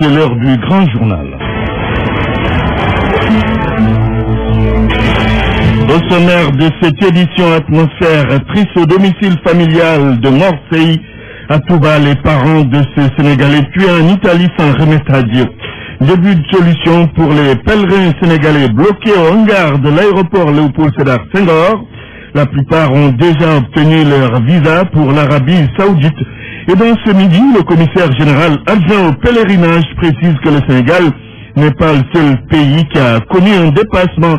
C'est l'heure du grand journal. Au sommaire de cette édition atmosphère triste au domicile familial de Morseille, à Touba, les parents de ces Sénégalais puis en Italie sans remettre à Dieu. Début de solution pour les pèlerins sénégalais bloqués au hangar de l'aéroport Léopold Sédar Senghor. La plupart ont déjà obtenu leur visa pour l'Arabie saoudite. Et dans ce midi, le commissaire général adjoint au pèlerinage précise que le Sénégal n'est pas le seul pays qui a connu un dépassement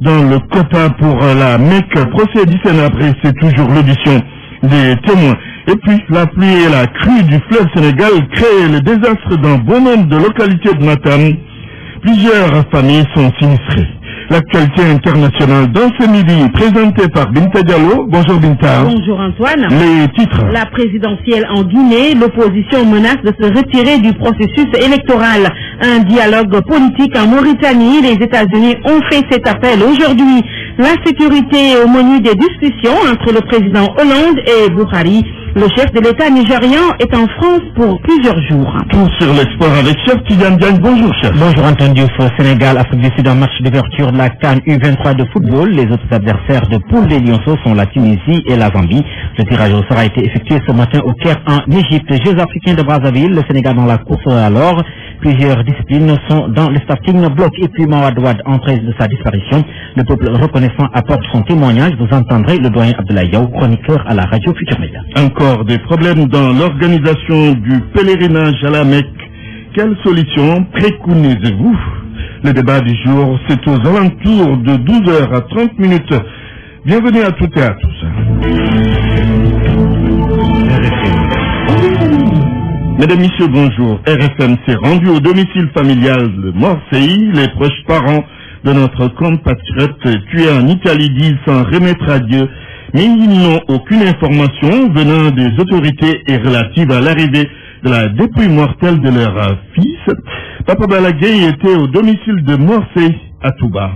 dans le quota pour la Mecque. Procès Sénat, après, c'est toujours l'audition des témoins. Et puis, la pluie et la crue du fleuve Sénégal créent le désastre dans bon nombre de localités de Matam. Plusieurs familles sont sinistrées. L'actualité internationale dans ce midi, présentée par Binta Diallo. Bonjour Binta. Bonjour Antoine. Les titres. La présidentielle en Guinée, l'opposition menace de se retirer du processus électoral. Un dialogue politique en Mauritanie, les États-Unis ont fait cet appel aujourd'hui. La sécurité au menu des discussions entre le président Hollande et Bukhari. Le chef de l'État nigérian est en France pour plusieurs jours. Tout sur l'espoir avec Chef Diagne. Bonjour, chef. Bonjour, Antoine Diouf. Sénégal, Afrique du Sud en match d'ouverture de la Cannes U23 de football. Les autres adversaires de poule des Lyonceaux sont la Tunisie et la Zambie. Le tirage au sort a été effectué ce matin au Caire en Égypte. Jeux africains de Brazzaville, le Sénégal dans la course alors. Plusieurs disciplines sont dans le starting block. Et puis Mawadouad, en trace de sa disparition, le peuple reconnaissant apporte son témoignage. Vous entendrez le doyen Abdoulaye chroniqueur à la radio Futur Media des problèmes dans l'organisation du pèlerinage à la Mecque, quelle solution préconisez-vous Le débat du jour, c'est aux alentours de 12h à 30 minutes. Bienvenue à toutes et à tous. Mesdames, Messieurs, bonjour. RFM s'est rendu au domicile familial de Morseille. Les proches parents de notre compatriote tué en Italie disent s'en remettre à Dieu mais ils n'ont aucune information venant des autorités et relative à l'arrivée de la dépouille mortelle de leur fils. Papa Balagay était au domicile de Morphée à Touba.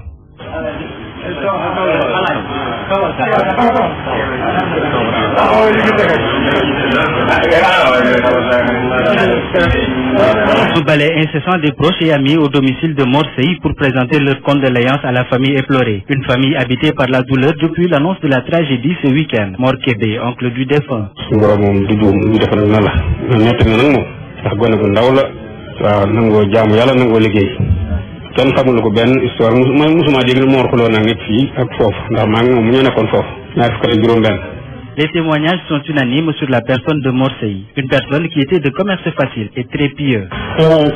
Ce balai incessant des proches et amis au domicile de Morseille pour présenter leur condoléance à la famille éplorée. Une famille habitée par la douleur depuis l'annonce de la tragédie ce week-end. Mors Kébé, oncle du défunt. kenn xamul ko benn histoire mooy musuma dégg moor xuloo nag nit fii ak foofu ndax maa ngi moom mu ñu nekkoon foofu ñaar fukk ak juróom benn les témoignages sont unanimes sur la personne de Morseille, une personne qui était de commerce facile et très pieux. ah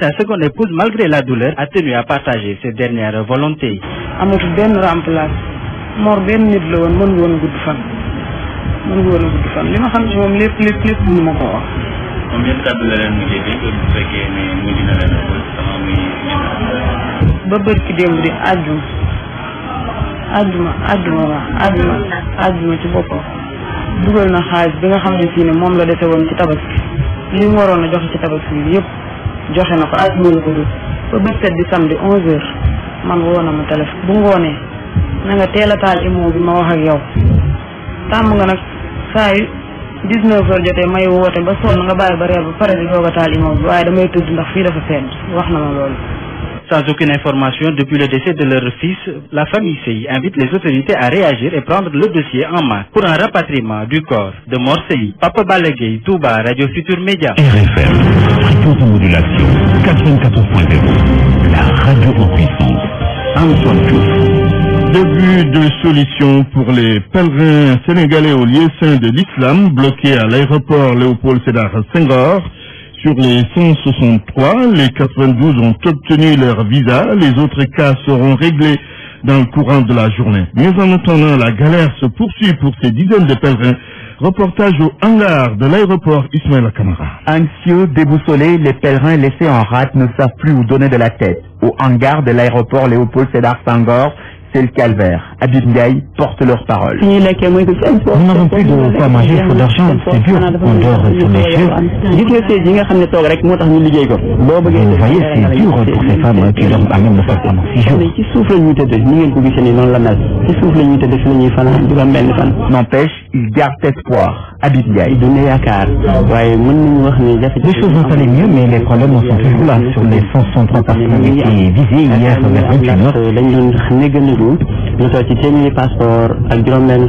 sa seconde épouse malgré la douleur a tenu à partager ses dernières volontés. moom yëpp kàddu ba bërki démb di àjjuma àjjuma àjjuma waaw àjjuma àjjuma ci boppam dugal na xaalis bi nga xam ne fii ne moom la dese woon ci tabaski li waroon a joxe ci tabaski bi yëpp joxe na ko àjjuma la ko dul ba bët set di samedi onze heures man woo na ma bu ngoonee na nga teel a taal bi ma wax ak yow tàmm nga nag saa yu 19 heures jotee may woote ba sonn nga bàyyi ba reer ba pare Sans aucune information depuis le décès de leur fils, la famille Sey invite les autorités à réagir et prendre le dossier en main pour un rapatriement du corps de Morseille. Papa Balagay, Touba, Radio Futur Média. RFM, fréquence modulation, 94.0, la radio en puissance, Antoine début de solution pour les pèlerins sénégalais au lieu saint de l'islam bloqués à l'aéroport Léopold Sédar Senghor. Sur les 163, les 92 ont obtenu leur visa. Les autres cas seront réglés dans le courant de la journée. Mais en attendant, la galère se poursuit pour ces dizaines de pèlerins. Reportage au hangar de l'aéroport Ismaël Camara. Anxieux, déboussolés, les pèlerins laissés en rate ne savent plus où donner de la tête. Au hangar de l'aéroport Léopold Sédar Senghor, c'est le calvaire. Abid Ndiaye porte leur parole. Nous n'avons plus de quoi manger, de d'argent, c'est dur, on dort sur les cheveux. Vous voyez, c'est dur pour ces femmes qui dorment à même le sol pendant six jours. N'empêche, ils gardent espoir. Abid Ndiaye. Les choses vont aller mieux, mais les problèmes sont toujours là. Sur les 130 personnes qui étaient visées hier vers 21h, yóbbu lu toll ci téeméeri passeport ak juróom-benn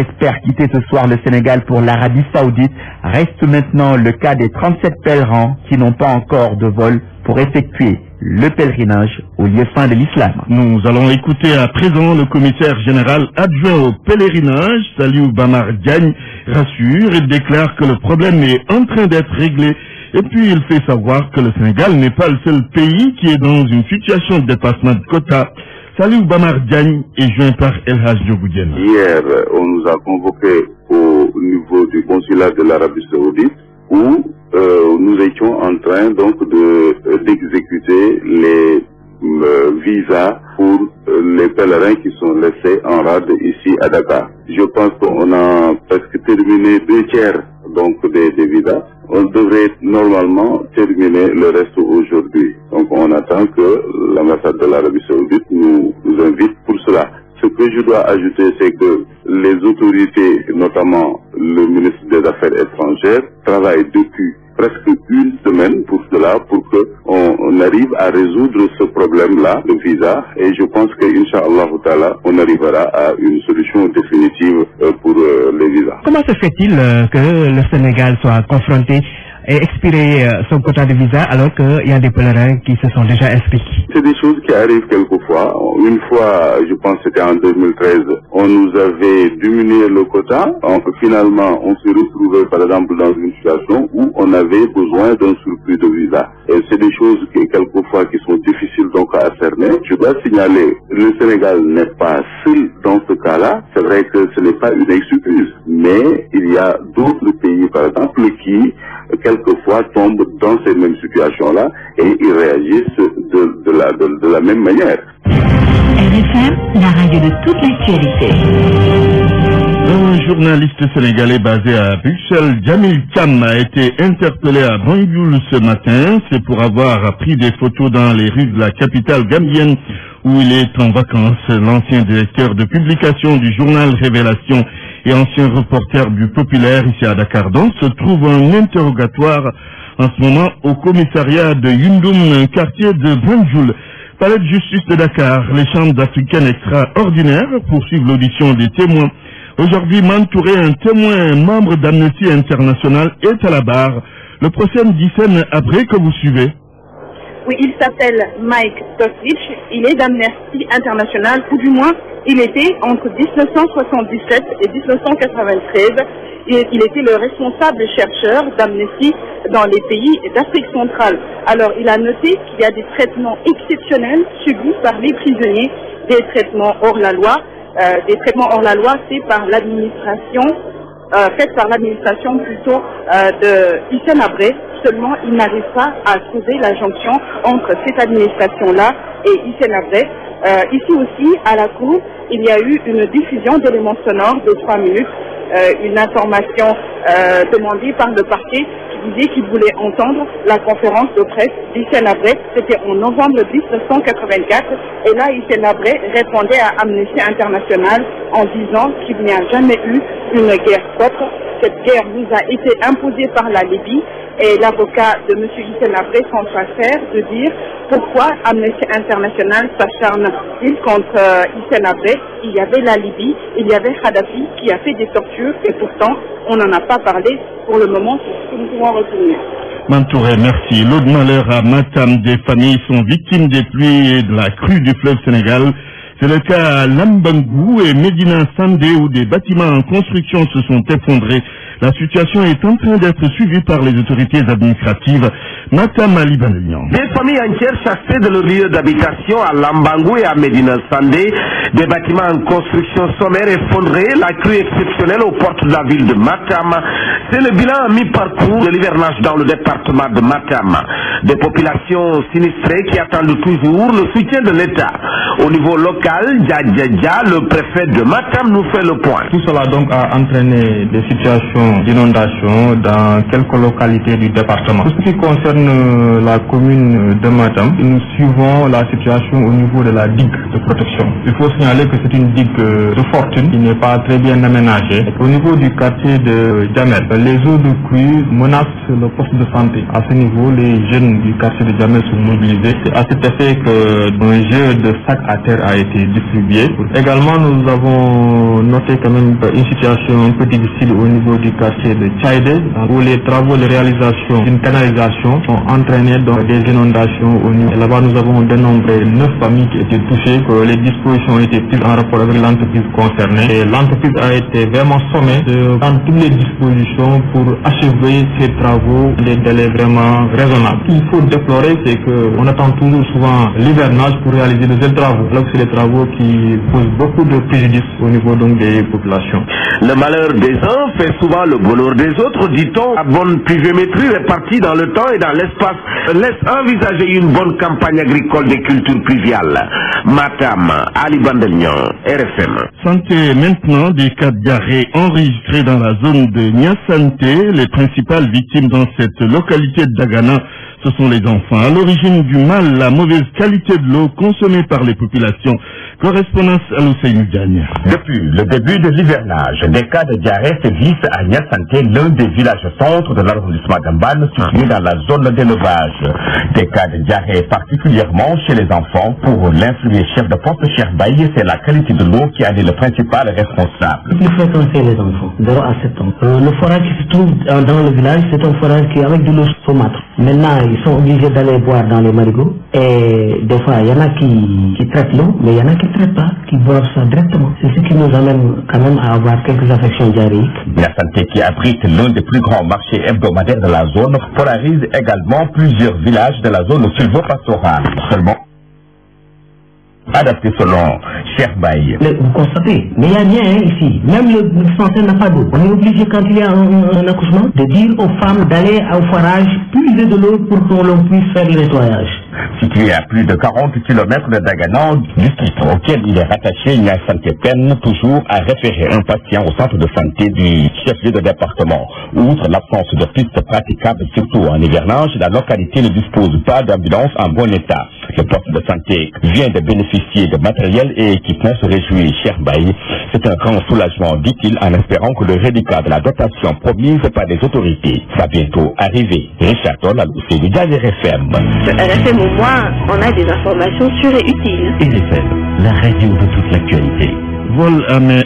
espère quitter ce soir le Sénégal pour l'Arabie Saoudite. Reste maintenant le cas des 37 pèlerins qui n'ont pas encore de vol pour effectuer le pèlerinage au lieu fin de l'islam. Nous allons écouter à présent le commissaire général adjoint au pèlerinage, Saliou Bamar Diagne, rassure et déclare que le problème est en train d'être réglé. Et puis il fait savoir que le Sénégal n'est pas le seul pays qui est dans une situation de dépassement de quotas. Bamar Diagne par El Hier, euh, on nous a convoqué au niveau du consulat de l'Arabie Saoudite où euh, nous étions en train donc de euh, d'exécuter les visas pour les pèlerins qui sont laissés en rade ici à Dakar. Je pense qu'on a presque terminé deux tiers donc des, des On devrait normalement terminer le reste aujourd'hui. Donc on attend que l'ambassade de l'Arabie Saoudite nous, nous invite pour cela. Ce que je dois ajouter, c'est que les autorités, notamment le ministre des Affaires étrangères, travaillent depuis presque une semaine pour cela, pour que on arrive à résoudre ce problème-là, le visa, et je pense qu'Inch'Allah, on arrivera à une solution définitive euh, pour euh, les visas. Comment se fait-il euh, que le Sénégal soit confronté et expirer euh, son quota de visa alors qu'il y a des pèlerins qui se sont déjà inscrits C'est des choses qui arrivent quelquefois. Une fois, je pense que c'était en 2013, on nous avait diminué le quota. Donc, finalement, on se retrouvait par exemple dans une situation où on avait besoin d'un surplus de visa. Et c'est des choses qui quelquefois qui sont difficiles donc à cerner. Je dois signaler, le Sénégal n'est pas seul dans ce cas-là. C'est vrai que ce n'est pas une excuse, mais il y a d'autres pays par exemple qui quelquefois tombent dans ces mêmes situations-là et ils réagissent de, la, de, la même manière. RFM, la radio de toute l'actualité. Un journaliste sénégalais basé à Bruxelles, Jamil Khan, a été interpellé à Banjul ce matin. C'est pour avoir pris des photos dans les rues de la capitale gambienne où il est en vacances. L'ancien directeur de publication du journal Révélation et ancien reporter du Populaire ici à Dakar. Donc se trouve un interrogatoire en ce moment au commissariat de Yundoum, quartier de Banjoul. Palais de justice de Dakar, les chambres africaines extraordinaires poursuivent l'audition des témoins. Aujourd'hui, Mantouré, un témoin, un membre d'Amnesty International, est à la barre. Le prochain dix après que vous suivez. Oui, il s'appelle Mike Tostich, Il est d'Amnesty International, ou du moins, il était entre 1977 et 1993. Il, il était le responsable chercheur d'Amnesty dans les pays d'Afrique centrale. Alors, il a noté qu'il y a des traitements exceptionnels subis par les prisonniers, des traitements hors la loi. Euh, des traitements hors la loi, c'est par l'administration euh, faite par l'administration plutôt euh, de Hissène Abré. Seulement, il n'arrive pas à trouver la jonction entre cette administration-là et Hissène Abré. Euh, ici aussi, à la Cour, il y a eu une diffusion d'éléments sonores de trois minutes, une information demandée par le parquet disait qu'il voulait entendre la conférence de presse d'Hissène C'était en novembre 1984. Et là, Hissène répondait à Amnesty International en disant qu'il n'y a jamais eu une guerre propre. Cette guerre nous a été imposée par la Libye et l'avocat de M. Hissène s'en François de dire pourquoi Amnesty International s'acharne-t-il contre euh, Il y avait la Libye, il y avait Kadhafi qui a fait des tortures et pourtant on n'en a pas parlé pour le moment. Monsieur, merci. L'eau de malheur à Matam, des familles sont victimes des pluies et de la crue du fleuve Sénégal. C'est le cas à Lambangou et Medina Sandé où des bâtiments en construction se sont effondrés la situation est en train d'être suivie par les autorités administratives. Matam Ali Des familles entières chassées de leur lieu d'habitation à Lambangou et à Medina Sandé, des bâtiments en construction sommaire effondrés, la crue exceptionnelle aux portes de la ville de Matam. C'est le bilan à mi-parcours de l'hivernage dans le département de Matam. Des populations sinistrées qui attendent toujours le soutien de l'État. Au niveau local, Dja, Dja, Dja le préfet de Matam nous fait le point. Tout cela donc a entraîné des situations d'inondations dans quelques localités du département. Pour ce qui concerne euh, la commune de Matam, nous suivons la situation au niveau de la digue de protection. Il faut signaler que c'est une digue euh, de fortune qui n'est pas très bien aménagée. Au niveau du quartier de Jamel, les eaux de cuir menacent le poste de santé. À ce niveau, les jeunes du quartier de Jamel sont mobilisés. C'est à cet effet que un jeu de sac à terre a été distribué. Également, nous avons noté quand même une situation un peu difficile au niveau du de Tchaïde, où les travaux de réalisation d'une canalisation ont entraîné des inondations au niveau. Là-bas, nous avons dénombré 9 familles qui étaient touchées, que les dispositions ont été prises en rapport avec l'entreprise concernée. Et l'entreprise a été vraiment sommée de prendre toutes les dispositions pour achever ces travaux les des délais vraiment raisonnables. Ce qu'il faut déplorer, c'est qu'on attend toujours souvent l'hivernage pour réaliser les travaux, alors c'est des travaux qui posent beaucoup de préjudice au niveau donc des populations. Le malheur des uns fait souvent le bonheur des autres, dit-on. La bonne pluviométrie répartie dans le temps et dans l'espace laisse envisager une bonne campagne agricole des cultures pluviales. Matam, Ali Bandelian, RFM. Santé maintenant des cas d'arrêt enregistrés dans la zone de Niasanté. Les principales victimes dans cette localité de Dagana ce sont les enfants. À l'origine du mal, la mauvaise qualité de l'eau consommée par les populations. Correspondance à l'Océan Gagne. Depuis le début de l'hivernage, des cas de diarrhée sévissent à Santé, l'un des villages centres de l'arrondissement d'Amban, situé dans la zone d'élevage. Des cas de diarrhée particulièrement chez les enfants. Pour l'influer chef de poste Cherbaï, c'est la qualité de l'eau qui a est le principal responsable. Il faut les enfants, 0 à 7 ans. Euh, le forage qui se trouve dans le village, c'est un forage qui est avec de l'eau saumâtre. Maintenant, ils sont obligés d'aller boire dans les marigots. Et des fois, il y en a qui, traitent l'eau, mais il y en a qui ne traitent pas, qui boivent ça directement. C'est ce qui nous amène quand même à avoir quelques affections diarrhéiques. La santé qui abrite l'un des plus grands marchés hebdomadaires de la zone polarise également plusieurs villages de la zone sulvo-pastoral Seulement, adapté selon Cher Baye. Vous constatez, mais il n'y a rien hein, ici. Même le français n'a pas d'eau. On est obligé, quand il y a un, accouchement, de dire aux femmes d'aller au forage puiser de l'eau pour qu'on l'on puisse faire le nettoyage situé à plus de 40 km de du district auquel il est rattaché une santé peine toujours à référer un patient au centre de santé du chef-lieu de département. Outre l'absence de pistes praticables, surtout en hivernage, la localité ne dispose pas d'ambulance en bon état. Le poste de santé vient de bénéficier de matériel et équipement, se réjouit Bailly. C'est un grand soulagement, dit-il, en espérant que le rédicat de la dotation promise par les autorités va bientôt arriver. Richard Donald, c'est FM on a des informations sûres et utiles. faible. la radio de toute l'actualité. Vol armé,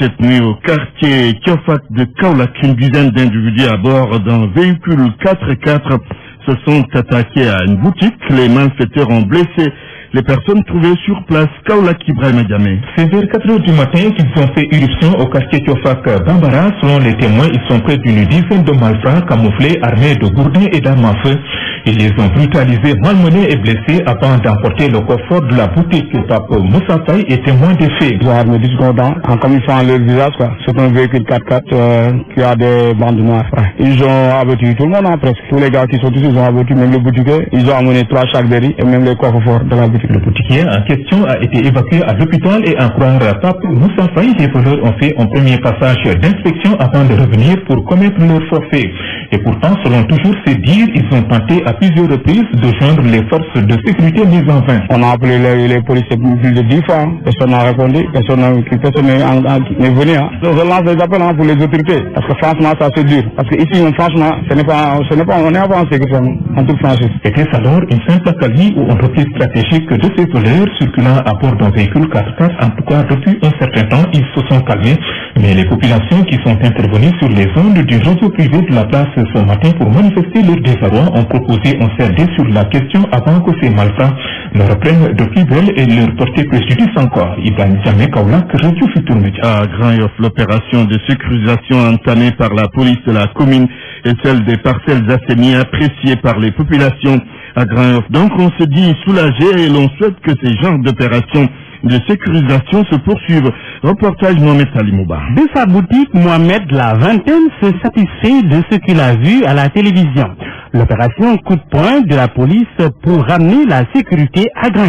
cette nuit au quartier Kiofak de Kaolak. Une dizaine d'individus à bord d'un véhicule 4x4 se sont attaqués à une boutique. Les malfaiteurs ont blessé les personnes trouvées sur place. kaulak Ibrahim Adjamé. C'est vers 4 h du matin qu'ils ont fait irruption au quartier Kiofak Bambara. Selon les témoins, ils sont près d'une dizaine de malfrats camouflés, armés de gourdins et d'armes à feu. Ils les ont brutalisés, malmenés et blessés avant d'emporter le coffre de la boutique. Pape Moussa Faye est témoin des faits. en commissant leur visage, c'est un véhicule 4x4 euh, qui a des bandes noires. Ils ont abattu tout le monde en hein, Tous les gars qui sont ici ils ont abattu même le boutiquier. Ils ont amené trois sacs de riz et même le coffres forts de la boutique. Le boutiquier en question a été évacué à l'hôpital et en croire Pape Moussa les voleurs ont fait un premier passage d'inspection avant de revenir pour commettre leur forfait. Et pourtant, selon toujours ces dires, ils ont tenté à plusieurs reprises de joindre les forces de sécurité mises en vain. On a appelé les, policiers plus de 10 fois, hein. personne n'a répondu, personne n'est venu. Hein. On Je des appels hein, pour les autorités, parce que franchement, ça c'est dur. Parce qu'ici, ici, franchement, ce n'est pas, pas, on est avancé. en sécurité, en toute franchise. Était-ce alors une simple cavie ou reprise stratégique de ces voleurs circulant à bord d'un véhicule 4 4 En tout cas, depuis un certain temps, ils se sont calmés, mais les populations qui sont intervenues sur les ondes du réseau privé de la place ce matin pour manifester leur désarroi ont proposé on s'est aidé sur la question avant que ces malfrats ne reprennent de plus et leur porter préjudice encore. jamais Djamé Que Radio le Média. À Grand l'opération de sécurisation entamée par la police de la commune et celle des parcelles assainies appréciées par les populations à Grand Donc on se dit soulagé et l'on souhaite que ces genres d'opérations de sécurisation se poursuivent. Reportage Mohamed Salimouba. De sa boutique, Mohamed la vingtaine se satisfait de ce qu'il a vu à la télévision. L'opération coup de poing de la police pour ramener la sécurité à Grand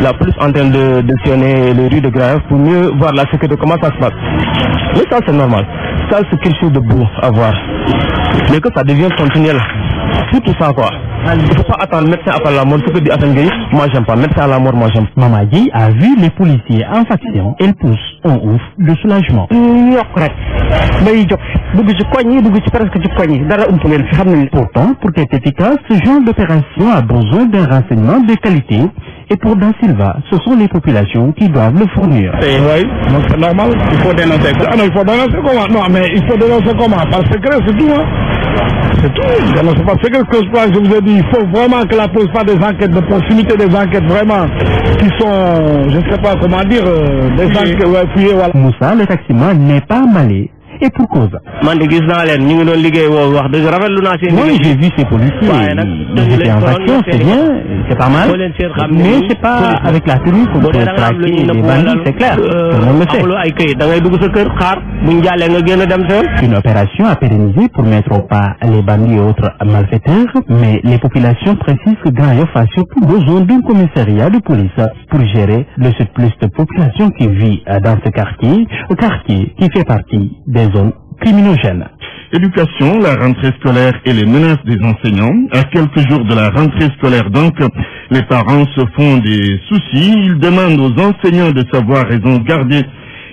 La police en train de, les rues de Grand pour mieux voir la sécurité, comment ça se passe. Mais ça, c'est normal. Ça, c'est quelque chose de beau à voir. Mais que ça devient continuel. C'est tout ça, quoi. Il ne faut pas attendre médecin après la mort. Tu que dit Hassan moi j'aime pas. Médecin à la mort, moi j'aime pas. Mama a vu les policiers en faction. Elle pousse en ouf de soulagement. Pourtant, pour être efficace, ce genre d'opération a besoin d'un renseignement de qualité. Et pour Da Silva, ce sont les populations qui doivent le fournir. c'est normal. Il faut dénoncer. Ah non, il faut dénoncer comment Non, mais il faut dénoncer comment Par secret, c'est tout. Hein. C'est tout. Dénoncer pas secret, que je vous ai dit il faut vraiment que la police pas des enquêtes de proximité, des enquêtes vraiment qui sont, je ne sais pas comment dire, euh, des enquêtes. Moussa, le n'est pas malé et pour cause. Moi, j'ai vu ces policiers ils étaient en vacances, c'est bien c'est pas mal mais c'est pas avec la police qu'on peut traquer les bandits c'est clair euh, tout le une opération à pérenniser pour mettre au pas les bandits et autres malfaiteurs mais les populations précisent que Grand Yoff a surtout besoin d'un commissariat de police pour gérer le surplus de population qui vit euh, dans ce quartier quartier qui fait partie des Éducation, la rentrée scolaire et les menaces des enseignants. À quelques jours de la rentrée scolaire donc, les parents se font des soucis. Ils demandent aux enseignants de savoir raison garder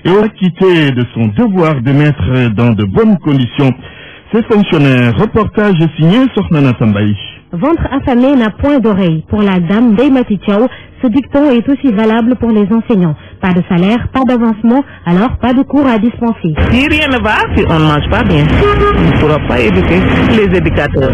et acquitter de son devoir de mettre dans de bonnes conditions ses fonctionnaires. Reportage signé Sornana Sambaï. Ventre affamé n'a point d'oreille. Pour la dame Deimati ce dicton est aussi valable pour les enseignants. Pas de salaire, pas d'avancement, alors pas de cours à dispenser. Si rien ne va, si on ne mange pas bien, on ne pourra pas éduquer. Les éducateurs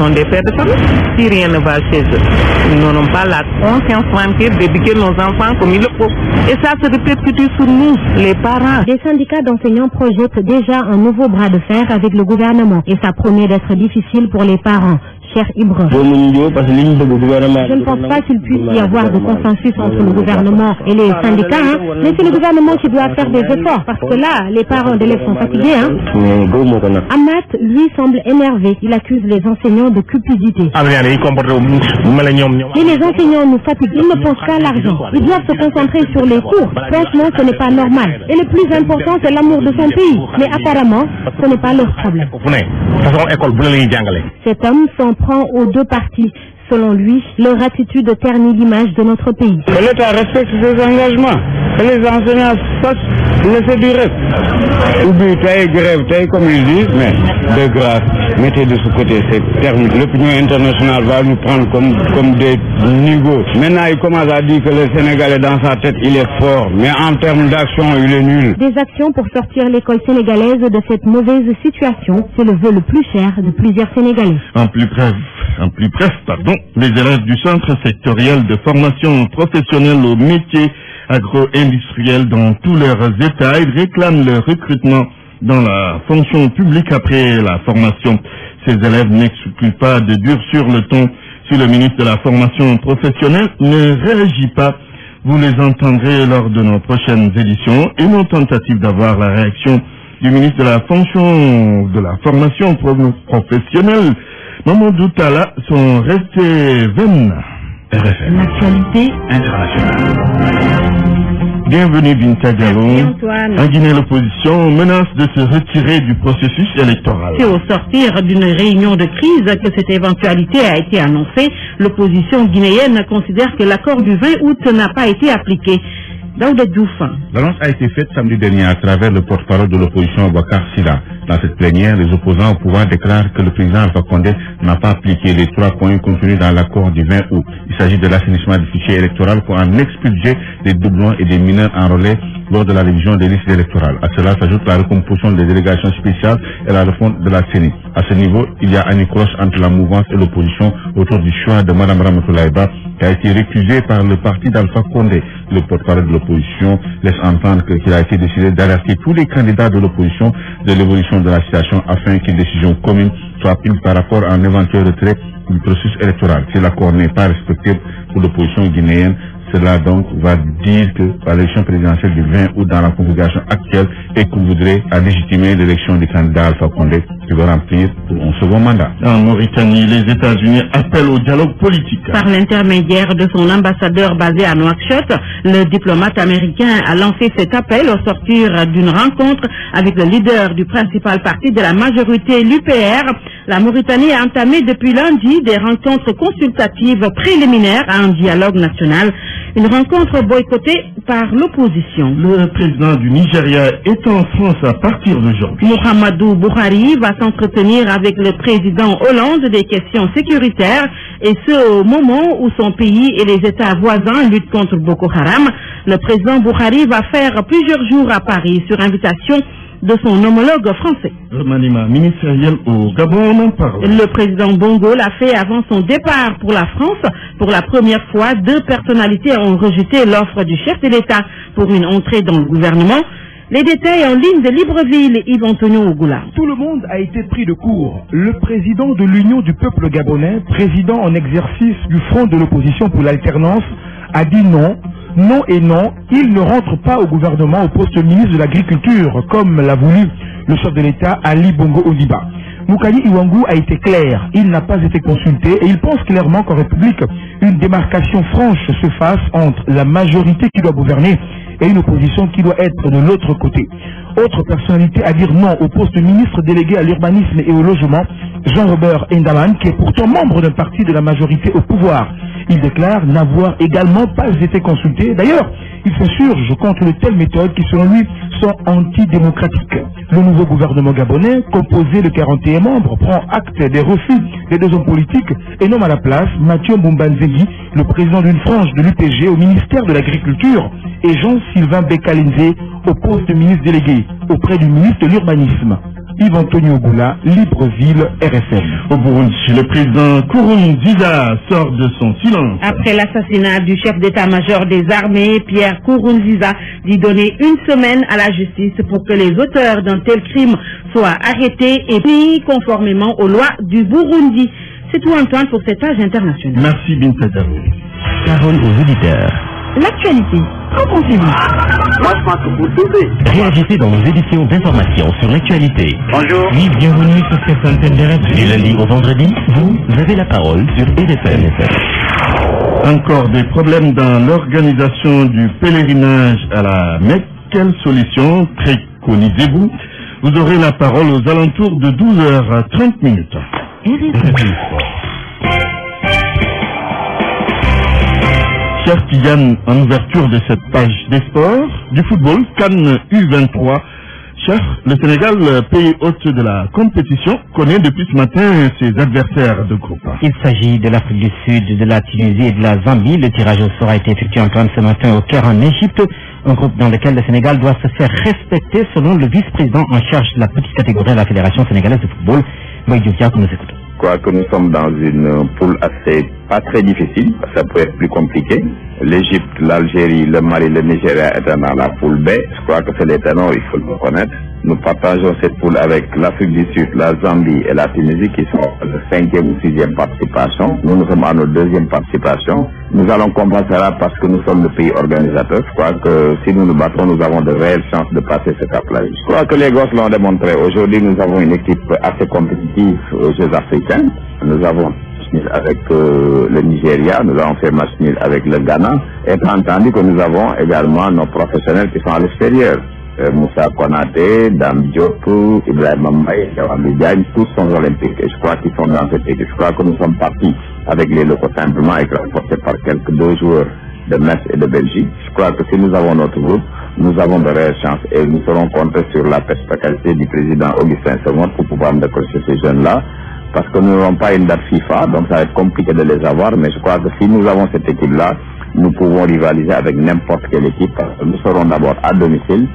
sont des pères de famille. Si rien ne va chez eux, ils n'auront pas la conscience manquée d'éduquer nos enfants comme il le faut. Et ça se répercute sur nous, les parents. Les syndicats d'enseignants projettent déjà un nouveau bras de fer avec le gouvernement et ça promet d'être difficile pour les parents. Cher Je ne pense pas qu'il puisse y avoir de consensus entre le gouvernement et les syndicats, hein. mais c'est le gouvernement qui doit faire des efforts, parce que là, les parents d'élèves sont fatigués. Hein. Amat, lui, semble énervé. Il accuse les enseignants de cupidité. Ah, et les enseignants nous fatiguent, ils ne pensent qu'à l'argent. Ils doivent se concentrer sur les cours. Franchement, ce n'est pas normal. Et le plus important, c'est l'amour de son pays. Mais apparemment, ce n'est pas leur problème. Cet homme semble prend aux deux parties. Selon lui, leur attitude ternit l'image de notre pays. L'État respecte ses engagements. Les enseignants sachent laisser du reste. Ou bien, grève, comme ils disent, mais de grâce mettez de ce côté ces termes. L'opinion internationale va nous prendre comme, comme des niveaux. Maintenant, il commence à dire que le Sénégalais dans sa tête, il est fort, mais en termes d'action, il est nul. Des actions pour sortir l'école sénégalaise de cette mauvaise situation, c'est le vœu le plus cher de plusieurs Sénégalais. En plus près, en plus près, pardon, les élèves du centre sectoriel de formation professionnelle au métier agro-industriel dans tous leurs états réclament le recrutement dans la fonction publique après la formation. Ces élèves n'excluent pas de dur sur le ton si le ministre de la formation professionnelle ne réagit pas. Vous les entendrez lors de nos prochaines éditions et nos tentatives d'avoir la réaction du ministre de la fonction de la formation professionnelle, maman Tala, sont restées vaines. RFM. internationale. Bienvenue Binta En Guinée, l'opposition menace de se retirer du processus électoral. C'est au sortir d'une réunion de crise que cette éventualité a été annoncée. L'opposition guinéenne considère que l'accord du 20 août n'a pas été appliqué. L'annonce a été faite samedi dernier à travers le porte-parole de l'opposition Bakar Sira. Dans cette plénière, les opposants au pouvoir déclarent que le président Alpha Condé n'a pas appliqué les trois points contenus dans l'accord du 20 août. Il s'agit de l'assainissement du fichier électoral pour en expulser des doublons et des mineurs en relais lors de la révision des listes électorales. À cela s'ajoute la recomposition des délégations spéciales et la refonte de la CENI. À ce niveau, il y a un écroche entre la mouvance et l'opposition autour du choix de Mme Ramatoulaïba qui a été récusé par le parti d'Alpha Condé. Le porte-parole de l'opposition laisse entendre qu'il a été décidé d'alerter tous les candidats de l'opposition de l'évolution de la situation afin qu'une décision commune soit prise par rapport à un éventuel retrait du processus électoral. Si l'accord n'est pas respecté pour l'opposition guinéenne, cela donc va dire que l'élection présidentielle du 20 août dans la configuration actuelle et qu'on voudrait à légitimer l'élection du candidat Alpha Condé qui va remplir pour un second mandat. En Mauritanie, les États-Unis appellent au dialogue politique. Par l'intermédiaire de son ambassadeur basé à Nouakchott, le diplomate américain a lancé cet appel au sortir d'une rencontre avec le leader du principal parti de la majorité, l'UPR, la Mauritanie a entamé depuis lundi des rencontres consultatives préliminaires à un dialogue national, une rencontre boycottée par l'opposition. Le président du Nigeria est en France à partir d'aujourd'hui. Mohamedou Buhari va s'entretenir avec le président Hollande des questions sécuritaires et ce au moment où son pays et les États voisins luttent contre Boko Haram. Le président Buhari va faire plusieurs jours à Paris sur invitation de son homologue français. Le président Bongo l'a fait avant son départ pour la France. Pour la première fois, deux personnalités ont rejeté l'offre du chef de l'État pour une entrée dans le gouvernement. Les détails en ligne de Libreville, Yves Antonio Goulard. Tout le monde a été pris de court. Le président de l'Union du peuple gabonais, président en exercice du Front de l'opposition pour l'alternance, a dit non non et non, il ne rentre pas au gouvernement au poste de ministre de l'Agriculture, comme l'a voulu le chef de l'État Ali Bongo Oliba. Moukali Iwangu a été clair, il n'a pas été consulté et il pense clairement qu'en République, une démarcation franche se fasse entre la majorité qui doit gouverner et une opposition qui doit être de l'autre côté. Autre personnalité à dire non au poste de ministre délégué à l'urbanisme et au logement, Jean-Robert Endaman, qui est pourtant membre d'un parti de la majorité au pouvoir. Il déclare n'avoir également pas été consulté. D'ailleurs, il s'insurge contre de telles méthodes qui, selon lui, sont antidémocratiques. Le nouveau gouvernement gabonais, composé de 41 membres, prend acte des refus des deux hommes politiques et nomme à la place Mathieu Mumbanzegui, le président d'une frange de l'UPG au ministère de l'Agriculture, et Jean-Sylvain Bekalinze au poste de ministre délégué auprès du ministre de l'Urbanisme. Yves Antonio Goula, Libreville, RFM. Au Burundi, le président Kurunziza sort de son silence. Après l'assassinat du chef d'état-major des armées, Pierre Kurunziza dit donner une semaine à la justice pour que les auteurs d'un tel crime soient arrêtés et pris conformément aux lois du Burundi. C'est tout Antoine pour cette âge internationale. Merci Binta Parole aux auditeurs. L'actualité. Réagissez dans nos éditions d'information sur l'actualité. Bonjour. Oui, bienvenue sur cette antenne de radio. Du lundi au vendredi, vous avez la parole sur EDFM. Encore des problèmes dans l'organisation du pèlerinage à la Mecque. Quelle solution préconisez-vous Vous aurez la parole aux alentours de 12h30 minutes. Chers, qui en ouverture de cette page des sports, du football, Cannes U23. Cher, le Sénégal, pays hôte de la compétition, connaît depuis ce matin ses adversaires de groupe. Il s'agit de l'Afrique du Sud, de la Tunisie et de la Zambie. Le tirage au sort a été effectué en Cannes ce matin au Caire en Égypte, un groupe dans lequel le Sénégal doit se faire respecter selon le vice-président en charge de la petite catégorie de la Fédération sénégalaise de football, Moïse que nous écoutons. Quoique nous sommes dans une poule assez pas très difficile, ça peut être plus compliqué. L'Égypte, l'Algérie, le Mali, le Nigeria étant dans la poule B, je crois que c'est les il faut le reconnaître. Nous partageons cette poule avec l'Afrique du Sud, la Zambie et la Tunisie qui sont la cinquième ou sixième participation. Nous, nous sommes à notre deuxième participation. Nous allons combattre cela parce que nous sommes le pays organisateur. Je crois que si nous nous battons, nous avons de réelles chances de passer cette cap-là. Je crois que les gosses l'ont démontré. Aujourd'hui, nous avons une équipe assez compétitive aux Jeux africains. Nous avons avec euh, le Nigeria, nous avons fait match avec le Ghana, étant entendu que nous avons également nos professionnels qui sont à l'extérieur. Euh, Moussa Konate, Dam Diopou, Ibrahim Mamaye, tous sont olympiques. Et je crois qu'ils sont dans cette équipe. Je crois que nous sommes partis avec les locaux simplement et par quelques deux joueurs de Metz et de Belgique. Je crois que si nous avons notre groupe, nous avons de réelles chances et nous serons comptés sur la perspicacité du président Augustin Semon pour pouvoir décrocher ces jeunes-là parce que nous n'avons pas une date FIFA, donc ça va être compliqué de les avoir, mais je crois que si nous avons cette équipe-là, nous pouvons rivaliser avec n'importe quelle équipe. Nous serons d'abord à domicile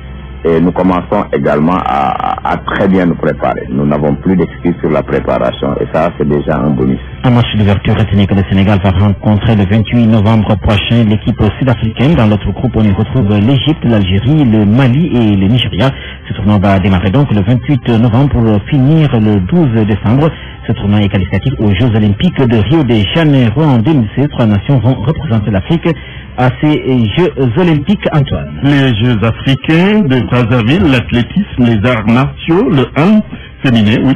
et nous commençons également à, très bien nous préparer. Nous n'avons plus d'excuses sur la préparation et ça, c'est déjà un bonus. Un match d'ouverture, que le Sénégal va rencontrer le 28 novembre prochain l'équipe sud-africaine. Dans l'autre groupe, on y retrouve l'Égypte, l'Algérie, le Mali et le Nigeria. Ce tournoi va démarrer donc le 28 novembre pour finir le 12 décembre. Ce tournoi est qualificatif aux Jeux Olympiques de Rio de Janeiro en 2016. Trois nations vont représenter l'Afrique à ces Jeux Olympiques, Antoine. Les Jeux africains de Brazzaville, l'athlétisme, les arts martiaux, le 1 féminin, oui,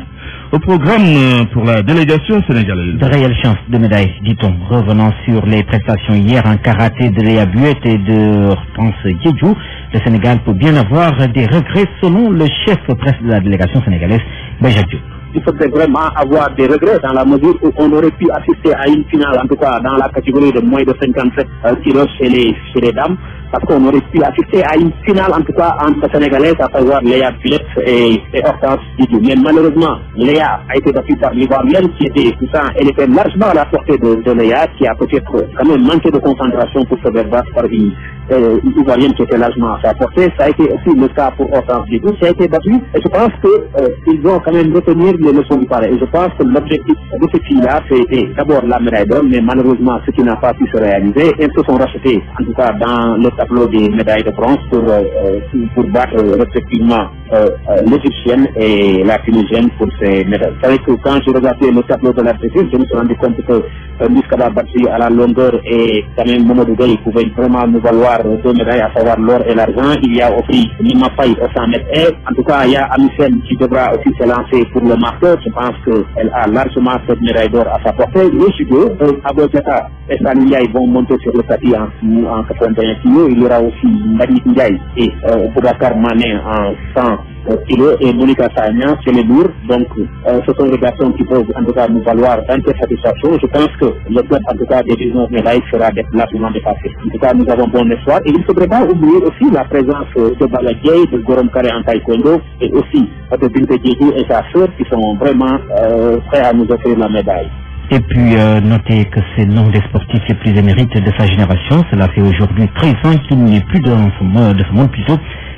au programme euh, pour la délégation sénégalaise. De réelles chances de médailles, dit-on. Revenant sur les prestations hier en karaté de Léa Buette et de France Djedjou, le Sénégal peut bien avoir des regrets selon le chef presse de la délégation sénégalaise, Béjadjou il faudrait vraiment avoir des regrets dans la mesure où on aurait pu assister à une finale, en tout cas dans la catégorie de moins de 57 kilos euh, chez les dames parce qu'on aurait pu assister à une finale, en tout cas, entre Sénégalais, à savoir Léa Pilette et, Hortense Didou. Mais malheureusement, Léa a été battue par l'Ivoirienne qui était Elle était largement à la portée de, Léa, qui a peut-être quand même manqué de concentration pour se faire battre par euh, une Ivoirienne qui était largement à sa portée. Ça a été aussi le cas pour Hortense Didou. Ça a été battu. Et je pense qu'ils euh, vont quand même retenir les leçons du pareil. Et je pense que l'objectif de ce film-là, c'était d'abord la médaille mais malheureusement, ce qui n'a pas pu se réaliser, ils se sont rachetés, en tout cas dans le tableau des médailles de bronze pour, euh, euh, pour battre euh, respectivement l'égyptienne et la tunisienne pour ces médailles. C'est vrai que quand je regardais le tableau de l'athlétisme, je me suis rendu compte que Miskaba Batsi à la longueur et quand même Mamadou il pouvait vraiment nous valoir deux médailles, à savoir l'or et l'argent. Il y a aussi Lima Fay au 100 mètres. en tout cas, il y a Amisen qui devra aussi se lancer pour le marqueur. Je pense qu'elle a largement cette médaille d'or à sa portée. Le judo, Abou et Sanilia, ils vont monter sur le tapis en, 81 il y aura aussi Mbadi Ndiaye et euh, Boubacar Mané en 100 euh, kilos et Monika Sagna c'est les lourds. Donc, euh, ce sont des garçons qui peuvent en tout cas nous valoir un peu satisfaction. Je pense que le club en tout cas des 19 médailles sera largement dépassé. En tout cas, nous avons bon espoir. Et il ne faudrait pas oublier aussi la présence euh, de Balagay, de Gorom Kare en taekwondo et aussi de Binte Djedi et sa sœur qui sont vraiment prêts à nous offrir la médaille. Et puis, euh, notez que c'est l'un des sportifs les plus émérites de sa génération. Cela fait aujourd'hui 13 ans qu'il n'y plus dans ce monde, de ce monde plutôt.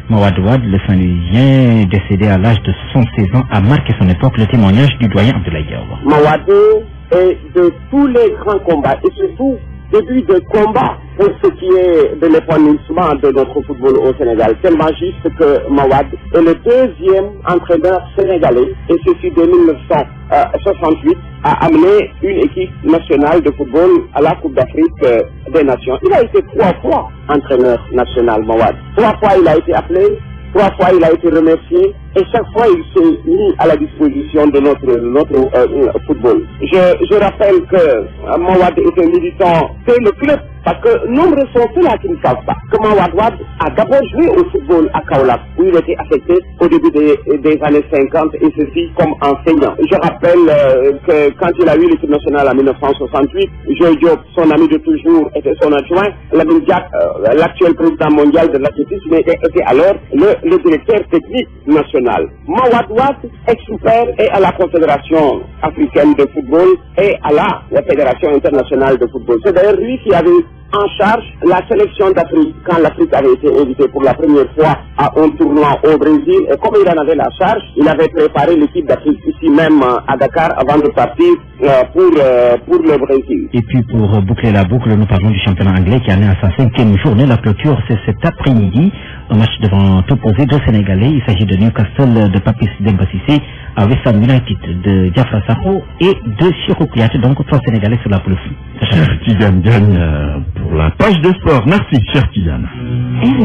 Mawadouad, le Saint-Louisien, décédé à l'âge de 76 ans, a marqué son époque le témoignage du doyen de la guerre. Mawadou est de tous les grands combats, et surtout début de combat pour ce qui est de l'épanouissement de notre football au Sénégal. Tellement juste que Mawad est le deuxième entraîneur sénégalais, et ceci de 1968, a amené une équipe nationale de football à la Coupe d'Afrique euh, des Nations. Il a été trois fois entraîneur national, Mawad. Trois fois il a été appelé, trois fois il a été remercié, et chaque fois il s'est mis à la disposition de notre, notre euh, euh, football. Je, rappelle que euh, Mawad est un militant, c'est le club, parce que nombreux sont ceux-là qui ne savent pas que Mawad a d'abord joué au football à Kaolak, où il était affecté au début des, années 50, et ceci comme enseignant. Je rappelle que quand il a eu l'équipe nationale en 1968, Joe Diop, son ami de toujours, était son adjoint. l'actuel président mondial de l'athlétisme, était alors le directeur technique national ma watt super et à la Confédération africaine de football et à la, Fédération internationale de football. C'est d'ailleurs lui qui en charge la sélection d'Afrique quand l'Afrique avait été invitée pour la première fois à un tournoi au Brésil. Et comme il en avait la charge, il avait préparé l'équipe d'Afrique ici même euh, à Dakar avant de partir euh, euh, pour, le Brésil. Et puis pour boucler la boucle, nous parlons du championnat anglais qui en est à sa cinquième journée. La clôture, c'est cet après-midi. Un match devant tout de Sénégalais. Il s'agit de Newcastle, de Papis Dembassissé, avec avec de Diafra et de Chirou Donc trois Sénégalais sur la pelouse pour la page de sport. Merci, cher Kylian.